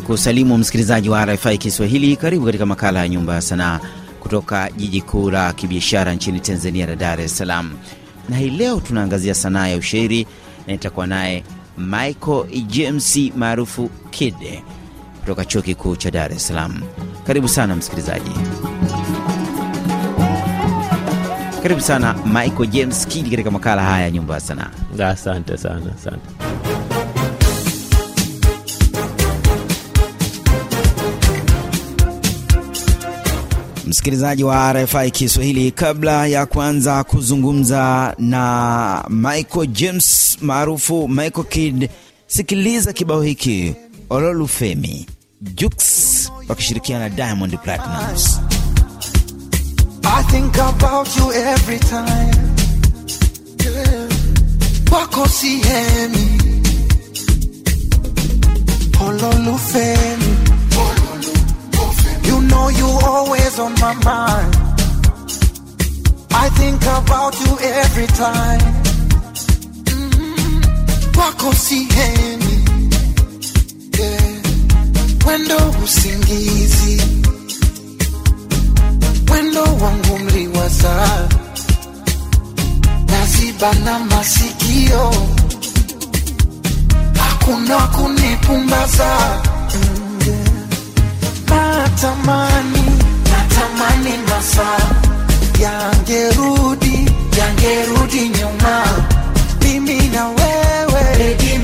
kusalimu msikilizaji wa RFI Kiswahili. Karibu katika makala ya Nyumba ya Sanaa kutoka jiji kuu la kibiashara nchini Tanzania la Dar es Salaam, na hii leo tunaangazia sanaa ya ushairi na itakuwa naye Michael James maarufu Kid kutoka chuo kikuu cha Dar es Salaam. Karibu sana msikilizaji. Karibu sana Michael James Kid katika makala haya ya Nyumba ya Sanaa. Asante sana, asante. msikilizaji wa RFI Kiswahili. Kabla ya kuanza kuzungumza na Michael James maarufu Michael kid sikiliza kibao hiki Ololufemi Jux wakishirikiana na Diamond platinums I think about you every time. Yeah. Wako sihemi. Ololufemi know you always on my mind. I think about you every time. Mm-hmm. Wako sihemi, yeah. Wendo usingizi, wendo wangu mliwaza, nazibana masikio, hakuna kunipumbaza. natamani, natamani masaa yangerudi, yangerudi nyuma, mimi na wewe Lady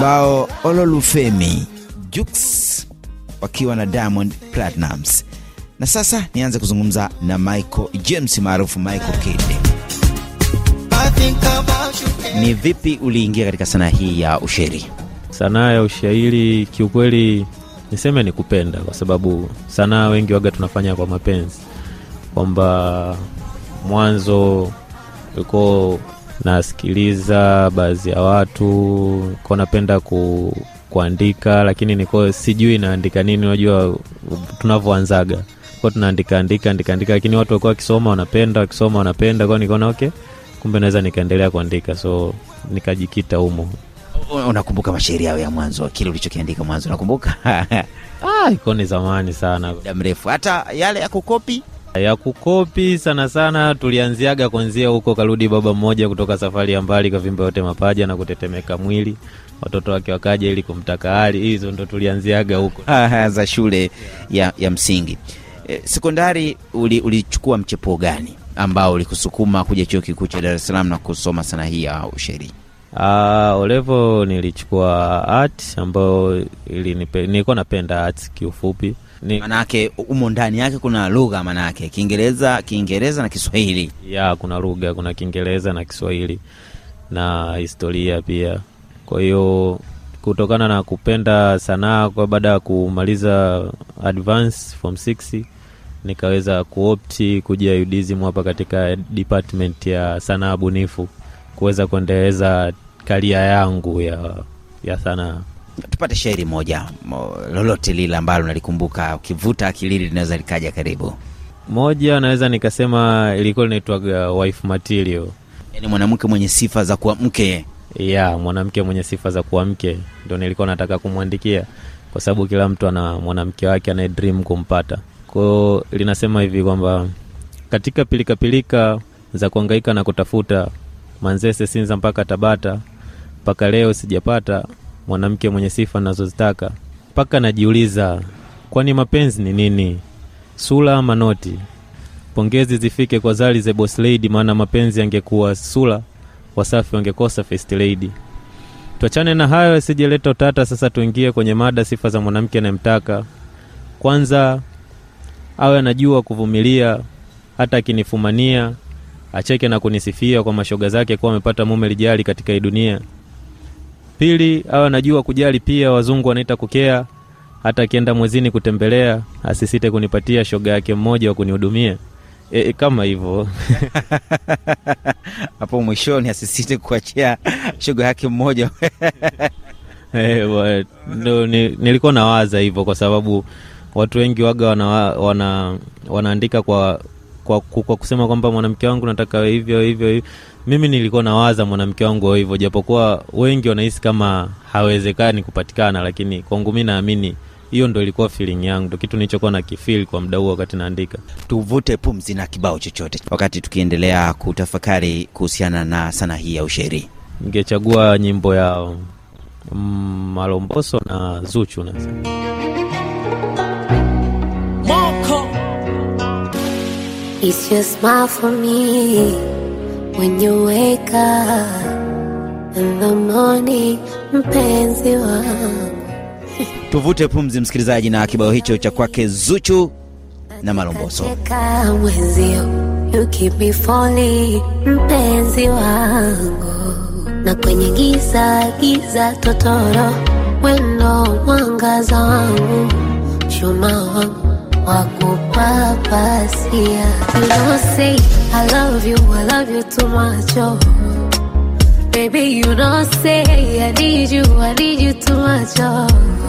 kibao Ololufemi Jux wakiwa na Diamond platnams Na sasa nianze kuzungumza na Michael James maarufu Michael kid Ni vipi uliingia katika sanaa hii ya ushairi? Sanaa ya ushairi kiukweli, niseme ni kupenda, kwa sababu sanaa wengi waga tunafanya kwa mapenzi, kwamba mwanzo ulikuwa nasikiliza baadhi ya watu ko napenda ku, kuandika, lakini niko sijui naandika nini. Unajua tunavyoanzaga ko tunaandika andika andika andika, lakini watu wakuwa wakisoma wanapenda, wakisoma wanapenda, kwa nikaona okay, kumbe naweza nikaendelea kuandika, so nikajikita humo. Unakumbuka mashairi yao ya mwanzo, kile ulichokiandika mwanzo, unakumbuka? Ah, iko ni zamani sana, muda mrefu, hata yale ya kukopi ya kukopi sana sana tulianziaga kwanzia huko, karudi baba mmoja kutoka safari ya mbali, kavimba yote mapaja na kutetemeka mwili, watoto wake wakaja ili kumtaka hali. Hizo ndo tulianziaga huko za shule ya, ya msingi. E, sekondari ulichukua uli mchepuo gani ambao ulikusukuma kuja chuo kikuu cha Dar es Salaam na kusoma sana hii ya ushairi? Ah, Olevo nilichukua art ambayo nilikuwa napenda art kiufupi ni... Manake umo ndani yake kuna lugha, manake Kiingereza, Kiingereza na Kiswahili ya kuna lugha, kuna Kiingereza na Kiswahili na historia pia. Kwa hiyo kutokana na kupenda sanaa, kwa baada ya kumaliza advance form 6 nikaweza kuopti kuja UDSM hapa katika department ya sanaa bunifu kuweza kuendeleza karia yangu ya, ya sanaa tupate shairi moja lolote lile ambalo nalikumbuka, ukivuta akilili linaweza likaja karibu. Moja naweza nikasema ilikuwa linaitwa wife material, yani mwanamke mwenye sifa za kuwa mke. ya mwanamke mwenye sifa za kuwa mke ndo nilikuwa nataka kumwandikia, kwa sababu kila mtu ana mwanamke wake anaye dream kumpata. Kwao linasema hivi kwamba katika pilikapilika -pilika za kuangaika na kutafuta, Manzese, Sinza mpaka Tabata, mpaka leo sijapata mwanamke mwenye sifa nazozitaka, mpaka najiuliza kwani mapenzi ni nini, sura ama noti? Pongezi zifike kwa zali ze Boss maana mapenzi yangekuwa sura, Wasafi wangekosa first lady. Tuachane na hayo yasijeleta utata. Sasa tuingie kwenye mada, sifa za mwanamke anayemtaka. Kwanza awe anajua kuvumilia, hata akinifumania, acheke na kunisifia kwa mashoga zake kuwa amepata mume lijali katika hii dunia. Pili, awe anajua kujali pia, wazungu wanaita kukea. Hata akienda mwezini kutembelea, asisite kunipatia shoga yake mmoja wa kunihudumia. E, e kama hivyo hapo mwishoni, asisite kuachia shoga yake mmoja e, eh, no, ni, nilikuwa nawaza hivyo kwa sababu watu wengi waga wana, wana, wanaandika kwa kwa, kwa kusema kwamba mwanamke wangu nataka hivyo hivyo hivyo. Mimi nilikuwa nawaza mwanamke wangu hivyo, japokuwa wengi wanahisi kama hawezekani kupatikana, lakini kwangu mi naamini hiyo ndo ilikuwa filing yangu, ndo kitu nilichokuwa na kifili kwa muda huo wakati naandika. Tuvute pumzi na kibao chochote, wakati tukiendelea kutafakari kuhusiana na sana hii ya ushairi. Ningechagua nyimbo ya mm, Malomboso na Zuchu na It's your smile for me when you wake up in the morning, mpenzi wangu. Tuvute pumzi msikilizaji, na kibao hicho cha kwake Zuchu na Malomboso. You keep me falling, mpenzi wangu, na kwenye giza giza totoro, wendo mwangaza wangu, chuma wangu wa kupapasia. You know say I love you, I love you too much, oh. Baby, you know say I need you, I need you too much, oh.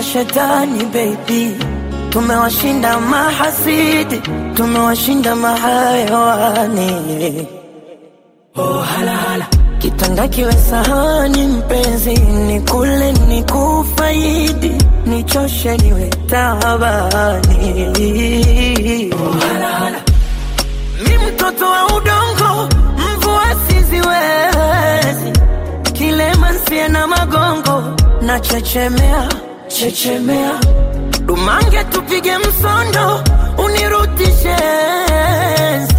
tumewashinda shetani baby, tumewashinda mahasidi, tumewashinda mahayawani. Oh, hala, hala. Kitanda kiwe sahani mpenzi, ni kule ni kufaidi, nichoshe niwe tabani. Oh, hala, hala. Mi mtoto wa udongo, mvua siziwezi, kilema nsie na magongo, nachechemea chechemea, dumange, tupige msondo, unirutishe enzi,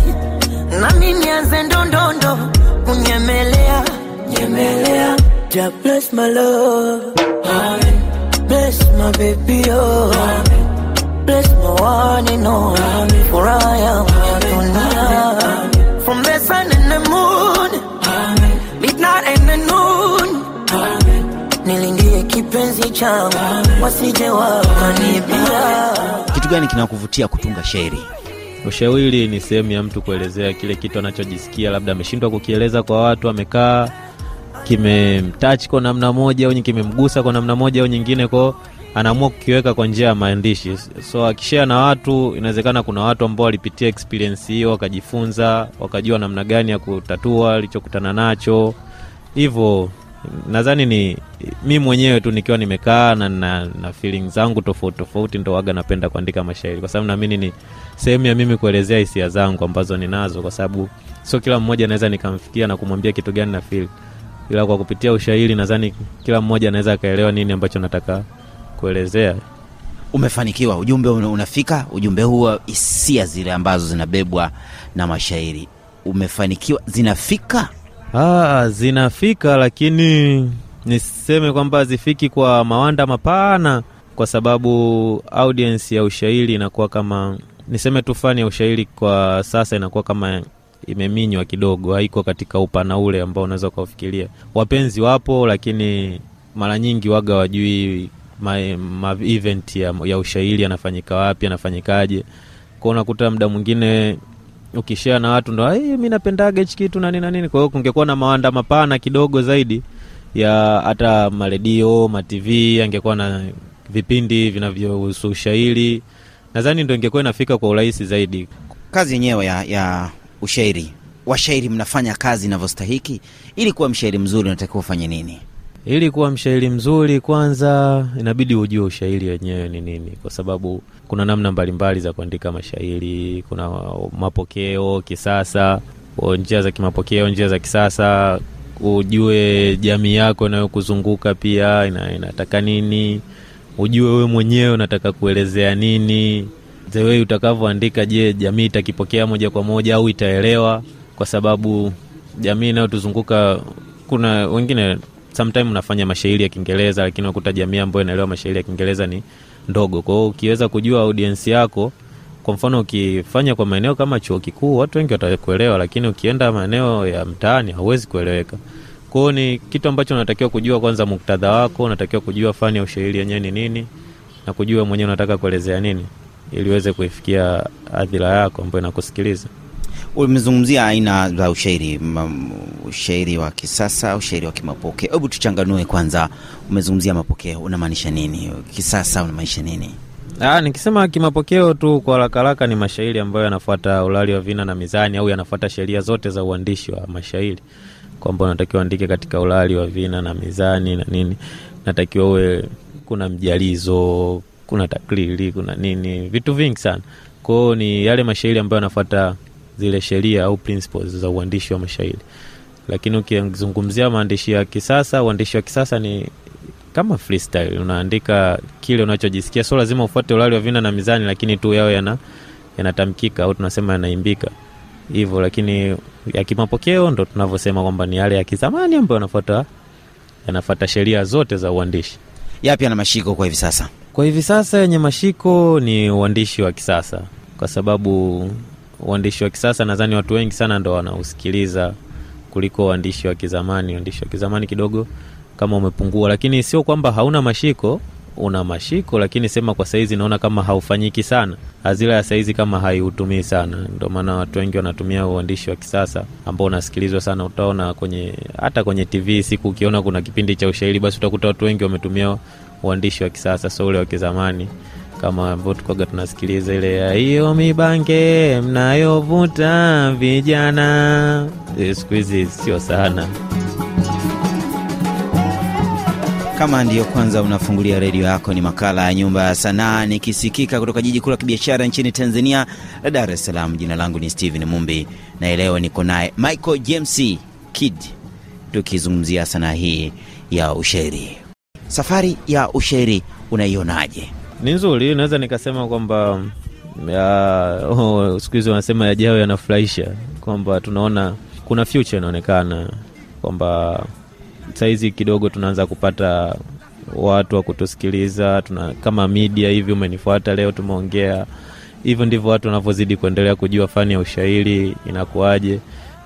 nami nianze ndondondo kunyemelea nyemelea. Ja, bless my love. Amen. Bless my baby, oh. Amen. Bless my one and only, For I am Adonai. From the sun and the moon. nilingie kipenzi changu wasije wakaniibia. Kitu gani kinakuvutia kutunga shairi? Ushairi ni sehemu ya mtu kuelezea kile kitu anachojisikia, labda ameshindwa kukieleza kwa watu, amekaa kimemtach kwa namna moja au kimemgusa kwa namna moja au nyingine, kwao anaamua kukiweka kwa njia ya maandishi. So akishare na watu, inawezekana kuna watu ambao walipitia experience hiyo wakajifunza, wakajua namna gani ya kutatua alichokutana nacho hivyo nadhani ni mi mwenyewe tu nikiwa nimekaa na, na, na feeling zangu tofauti tofauti, ndo waga napenda kuandika mashairi, kwa sababu naamini ni sehemu ya mimi kuelezea hisia zangu ambazo ninazo, kwa sababu sio kila mmoja naweza nikamfikia na kumwambia kitu gani na fil ila kwa kupitia ushairi nadhani kila mmoja anaweza akaelewa nini ambacho nataka kuelezea. Umefanikiwa, ujumbe unafika, ujumbe huo, hisia zile ambazo zinabebwa na mashairi, umefanikiwa, zinafika Ah, zinafika lakini niseme kwamba zifiki kwa mawanda mapana, kwa sababu audience ya ushairi inakuwa kama, niseme tu fani ya ushairi kwa sasa inakuwa kama imeminywa kidogo, haiko katika upana ule ambao unaweza ukaufikiria. Wapenzi wapo, lakini mara nyingi waga wajui ma, ma event ya, ya ushairi yanafanyika wapi, yanafanyikaje, kwa unakuta muda mwingine ukishea na watu ndo hey, mi napendaga hichi kitu nanini nanini Kwa hiyo kungekuwa na mawanda mapana kidogo zaidi ya hata maredio matv, angekuwa na vipindi vinavyohusu ushairi, nadhani ndo ingekuwa inafika kwa urahisi zaidi. Kazi yenyewe ya, ya ushairi, washairi mnafanya kazi inavyostahiki? Ili kuwa mshairi mzuri unatakiwa ufanye nini? Ili kuwa mshairi mzuri, kwanza inabidi ujue ushairi wenyewe ni nini, kwa sababu kuna namna mbalimbali za kuandika mashairi. Kuna mapokeo kisasa, njia za kimapokeo, njia za kisasa. Ujue jamii yako inayokuzunguka pia ina, inataka nini, ujue we mwenyewe unataka kuelezea nini. The utakavyoandika, je, jamii itakipokea moja kwa moja au itaelewa? Kwa sababu jamii inayotuzunguka kuna wengine sometime unafanya mashairi ya Kiingereza, lakini unakuta jamii ambayo inaelewa mashairi ya Kiingereza ni ndogo. kwao ukiweza kujua audiensi yako, kwa mfano ukifanya kwa maeneo kama chuo kikuu, watu wengi watakuelewa, lakini ukienda maeneo ya mtaani hauwezi kueleweka. kwao ni kitu ambacho unatakiwa kujua, kwanza muktadha wako, unatakiwa kujua fani ya ushairi yenyewe ni nini na kujua mwenyewe unataka kuelezea nini ili uweze kuifikia adhira yako ambayo inakusikiliza. Umezungumzia aina za ushairi, mm, ushairi wa kisasa, ushairi wa kimapokeo. Hebu tuchanganue kwanza, umezungumzia mapokeo, unamaanisha nini? Kisasa unamaanisha nini? Aa, ah, nikisema kimapokeo tu kwa rakaraka ni mashairi ambayo yanafuata ulali wa vina na mizani, au yanafuata sheria zote za uandishi wa mashairi, kwamba unatakiwa andike katika ulali wa vina na mizani na nini, natakiwa uwe kuna mjalizo, kuna taklili, kuna nini, vitu vingi sana. Kwao ni yale mashairi ambayo yanafuata zile sheria au principles za uandishi wa mashairi. Lakini ukizungumzia maandishi ya kisasa, uandishi wa kisasa ni kama freestyle, unaandika kile unachojisikia, so lazima ufuate ulali wa vina na mizani, lakini tu yao yana yanatamkika au tunasema yanaimbika hivyo. Lakini ya kimapokeo ndo tunavyosema kwamba ni yale ya kizamani ambayo yanafuata yanafata sheria zote za uandishi. Yapi yana mashiko kwa hivi sasa? Kwa hivi sasa yenye mashiko ni uandishi wa kisasa, kwa sababu uandishi wa kisasa nadhani watu wengi sana ndo wanausikiliza kuliko uandishi wa kizamani. Uandishi wa kizamani kidogo kama umepungua, lakini sio kwamba hauna mashiko, una mashiko, lakini sema kwa saizi naona kama haufanyiki sana. Hazira ya saizi kama haiutumii sana, ndio maana watu wengi wanatumia uandishi wa kisasa ambao unasikilizwa sana. Utaona kwenye hata kwenye TV siku ukiona kuna kipindi cha ushairi, basi utakuta watu wengi wametumia uandishi wa kisasa, so ule wa kizamani kama votukaga tunasikiliza ile ya hiyo mibange mnayovuta vijana, eh, siku hizi sio sana. Kama ndiyo kwanza unafungulia redio yako, ni makala ya Nyumba ya Sanaa nikisikika kutoka jiji kuu la kibiashara nchini Tanzania la Dar es Salaam. Jina langu ni stehen Mumbi na ileo niko naye Michael James Kid tukizungumzia sanaa hii ya ushairi. Safari ya ushairi unaionaje? ni nzuri, naweza nikasema kwamba oh, siku hizi wanasema yajao yanafurahisha, kwamba tunaona kuna future inaonekana kwamba sahizi kidogo tunaanza kupata watu wa kutusikiliza, tuna kama media hivi, umenifuata leo, tumeongea hivyo ndivyo watu wanavyozidi kuendelea kujua fani ya ushairi inakuaje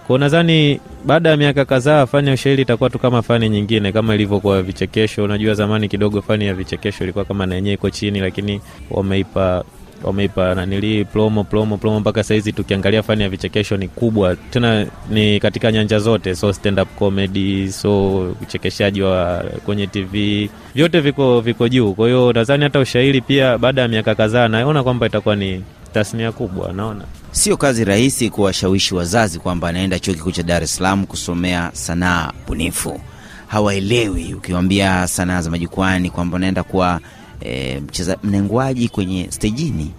kwa nadhani baada ya miaka kadhaa fani ya ushairi itakuwa tu kama fani nyingine kama ilivyokuwa vichekesho. Unajua zamani kidogo fani ya vichekesho ilikuwa kama na yenyewe iko chini, lakini wameipa wameipa nanili plomo plomo plomo mpaka saizi tukiangalia fani ya vichekesho ni kubwa, tena ni katika nyanja zote, so stand up comedy, so uchekeshaji wa kwenye TV vyote viko viko juu. Kwa hiyo nadhani hata ushairi pia baada ya miaka kadhaa naona kwamba itakuwa ni tasnia kubwa. Naona sio kazi rahisi kuwashawishi wazazi kwamba anaenda chuo kikuu cha Dar es Salaam kusomea sanaa bunifu. Hawaelewi ukiwambia sanaa za majukwani kwamba unaenda kuwa e, mcheza mnengwaji kwenye stejini,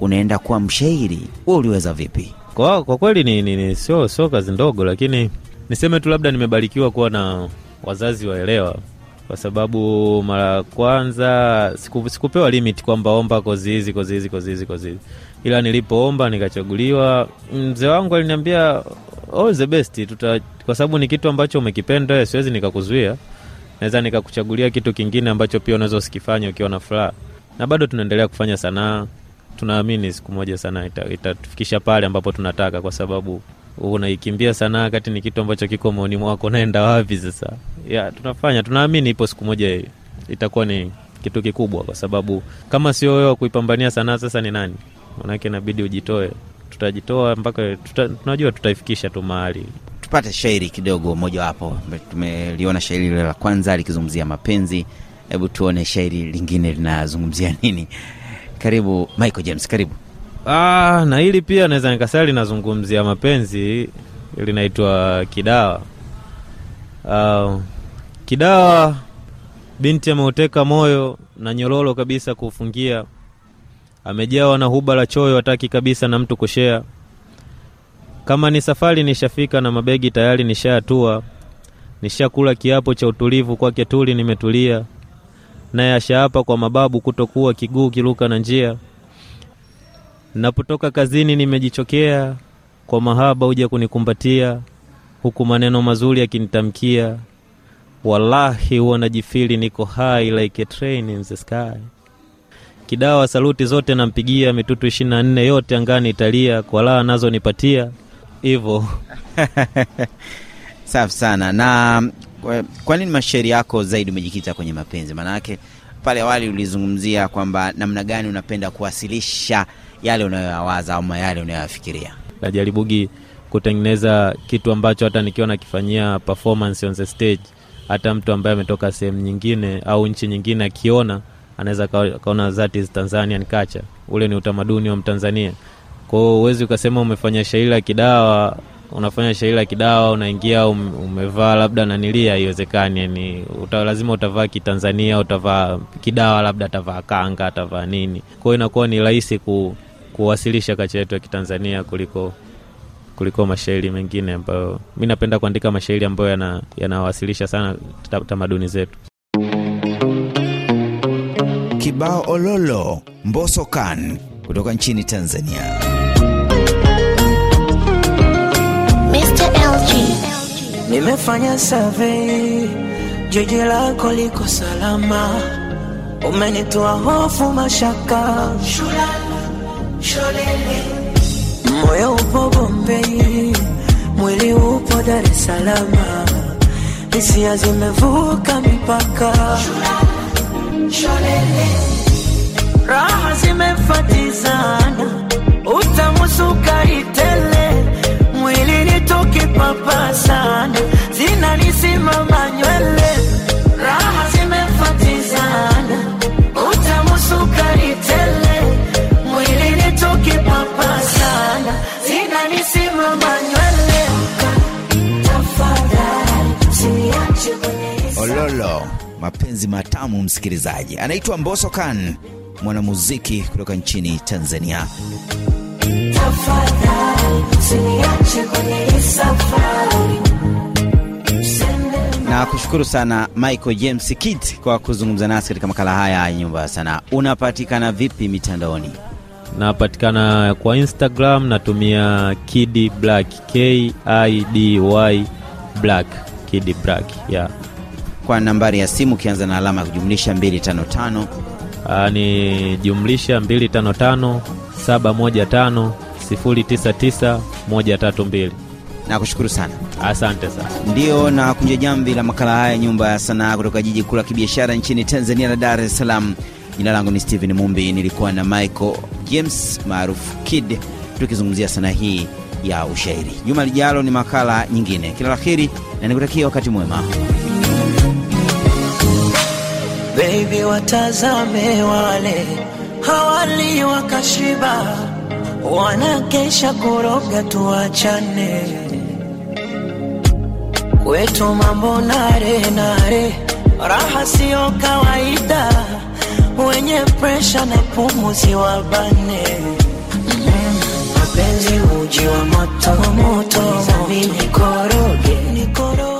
unaenda kuwa mshairi. huo uliweza vipi? Kwa, kwa kweli ni, ni, ni sio sio kazi ndogo, lakini niseme tu labda nimebarikiwa kuwa na wazazi waelewa kwa sababu mara kwanza siku, sikupewa limit kwamba omba kozi hizi kozi hizi kozi hizi kozi hizi ila nilipoomba nikachaguliwa, mzee wangu aliniambia all oh, the best tuta, kwa sababu ni kitu ambacho umekipenda, siwezi nikakuzuia, naweza nikakuchagulia kitu kingine ambacho pia unaweza usikifanye ukiwa na furaha, na bado tunaendelea kufanya sanaa. Tunaamini siku moja sanaa itatufikisha ita, pale ambapo tunataka, kwa sababu unaikimbia sanaa kati ni kitu ambacho kiko maoni mwako, naenda wapi sasa? Ya, tunafanya tunaamini, ipo siku moja itakuwa ni kitu kikubwa, kwa sababu kama sio wewe wa kuipambania sanaa, sasa ni nani? manake inabidi ujitoe. Tutajitoa mpaka tuta, tunajua tutaifikisha tu mahali. Tupate shairi kidogo mojawapo, tumeliona shairi lile la kwanza likizungumzia mapenzi. Hebu tuone shairi lingine linazungumzia nini. Karibu Michael James, karibu. Ah, na hili pia naweza nikasema linazungumzia mapenzi, linaitwa Kidawa. Ah, kidawa binti ameuteka moyo na nyororo kabisa kuufungia amejawa na huba la choyo, hataki kabisa na mtu kushea. Kama ni safari, nishafika na mabegi tayari, nishayatua, nishakula kiapo cha utulivu kwake tuli, nimetulia naye ashaapa kwa mababu kutokuwa kiguu kiruka na njia. Napotoka kazini, nimejichokea kwa mahaba uja kunikumbatia, huku maneno mazuri akinitamkia Wallahi huwa najifili niko high like a train in the sky. Kidawa saluti zote nampigia, mitutu ishirini na nne yote angani italia, kwa laa nazo nipatia hivyo. Safi sana. Na kwa nini mashairi yako zaidi umejikita kwenye mapenzi? Maana yake pale awali ulizungumzia kwamba namna gani unapenda kuwasilisha yale unayoyawaza ama yale unayoyafikiria. Najaribugi kutengeneza kitu ambacho hata nikiwa nakifanyia performance on the stage, hata mtu ambaye ametoka sehemu nyingine au nchi nyingine akiona anaweza akaona that is Tanzanian culture, ule ni utamaduni wa Mtanzania. kwao uwezi huwezi ukasema umefanya shahiri la kidawa, unafanya shahiri la kidawa unaingia umevaa labda nanilia, haiwezekani. Yani uta, lazima utavaa Kitanzania, utavaa kidawa, labda atavaa kanga, atavaa nini. kwao inakuwa ni rahisi ku, kuwasilisha kacha yetu ya Kitanzania kuliko kuliko mashairi mengine ambayo mi napenda kuandika mashairi ambayo yanawasilisha yana sana tamaduni zetu. Kibao Ololo mboso kan kutoka nchini Tanzania. Mr. LG. Nimefanya survey, jiji lako liko salama, umenitoa hofu mashaka, moyo upo Bombei, mwili upo Dar Salama, hisia zimevuka mipaka Shula raha zimefata mapenzi matamu, msikilizaji. Anaitwa mboso kan mwanamuziki kutoka nchini Tanzania. Na kushukuru sana Michael James Kit kwa kuzungumza nasi katika makala haya ya Nyumba ya Sanaa. Unapatikana vipi mitandaoni? Napatikana kwa Instagram, natumia kidi Black, kidy I D Y Black, Kid Black, yeah kwa nambari ya simu ukianza na alama ya kujumlisha 255. Aa, ah, ni jumlisha 255 715 099 132. Nakushukuru sana, asante sana. Ndiyo na kunja jamvi la makala haya Nyumba ya Sanaa kutoka jiji kuu la kibiashara nchini Tanzania la Dar es Salaam. Jina langu ni Steven Mumbi, nilikuwa na Michael James maarufu Kid tukizungumzia sanaa hii ya ushairi. Juma lijalo ni makala nyingine. Kila la na nikutakia wakati mwema. hivi watazame wale hawali wakashiba, wanakesha koroga, tuachane kwetu mambo nare nare, raha siyo kawaida, wenye presha na pumuzi wabane mapenzi mm, uji wa moto moto, moto. Nikoroge nikoroge